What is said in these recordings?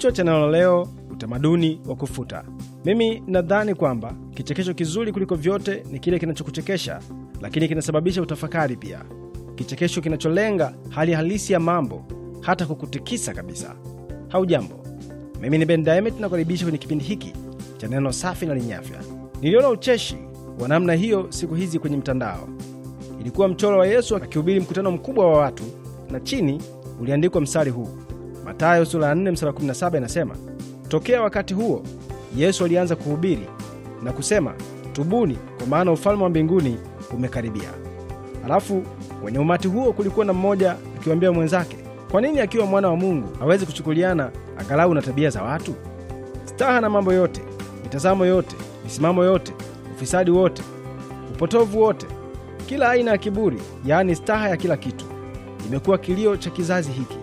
Kichwa cha neno leo, utamaduni wa kufuta. Mimi nadhani kwamba kichekesho kizuri kuliko vyote ni kile kinachokuchekesha lakini kinasababisha utafakari pia, kichekesho kinacholenga hali halisi ya mambo hata kukutikisa kabisa. hau jambo mimi ni Ben Diamond, nakukaribisha kwenye kipindi hiki cha neno safi na lenye afya. Niliona ucheshi wa namna hiyo siku hizi kwenye mtandao. Ilikuwa mchoro wa Yesu akihubiri mkutano mkubwa wa watu na chini uliandikwa mstari huu matayo sura ya 4 mstari 17 inasema, tokea wakati huo Yesu alianza kuhubiri na kusema, tubuni, kwa maana ufalme wa mbinguni umekaribia. Halafu kwenye umati huo kulikuwa na mmoja akiwaambia mwenzake, kwa nini akiwa mwana wa Mungu hawezi kuchukuliana angalau na tabia za watu? Staha na mambo yote, mitazamo yote, misimamo yote, ufisadi wote, upotovu wote, kila aina ya kiburi, yaani staha ya kila kitu, imekuwa kilio cha kizazi hiki.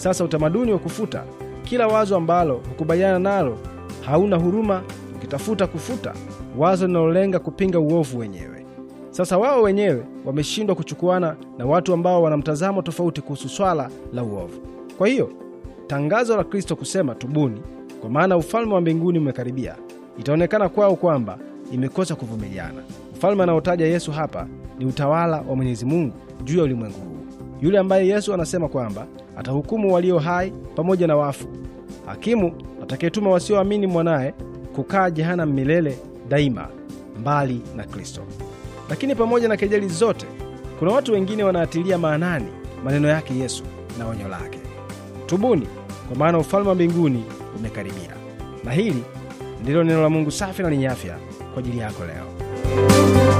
Sasa utamaduni wa kufuta kila wazo ambalo hukubaliana nalo, hauna huruma, ukitafuta kufuta wazo linalolenga kupinga uovu wenyewe. Sasa wao wenyewe wameshindwa kuchukuana na watu ambao wana mtazamo tofauti kuhusu swala la uovu. Kwa hiyo tangazo la Kristo kusema tubuni, kwa maana ufalme wa mbinguni umekaribia, itaonekana kwao kwamba imekosa kuvumiliana. Ufalme anaotaja Yesu hapa ni utawala wa Mwenyezi Mungu juu ya ulimwengu huu yule ambaye Yesu anasema kwamba atahukumu walio hai pamoja na wafu, hakimu atakayetuma wasioamini mwanaye kukaa jehana milele daima, mbali na Kristo. Lakini pamoja na kejeli zote, kuna watu wengine wanaatilia maanani maneno yake Yesu na onyo lake, tubuni, kwa maana ufalme wa mbinguni umekaribia. Na hili ndilo neno la Mungu safi na lenye afya kwa ajili yako leo.